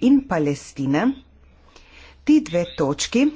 in Palestine, ti dve točki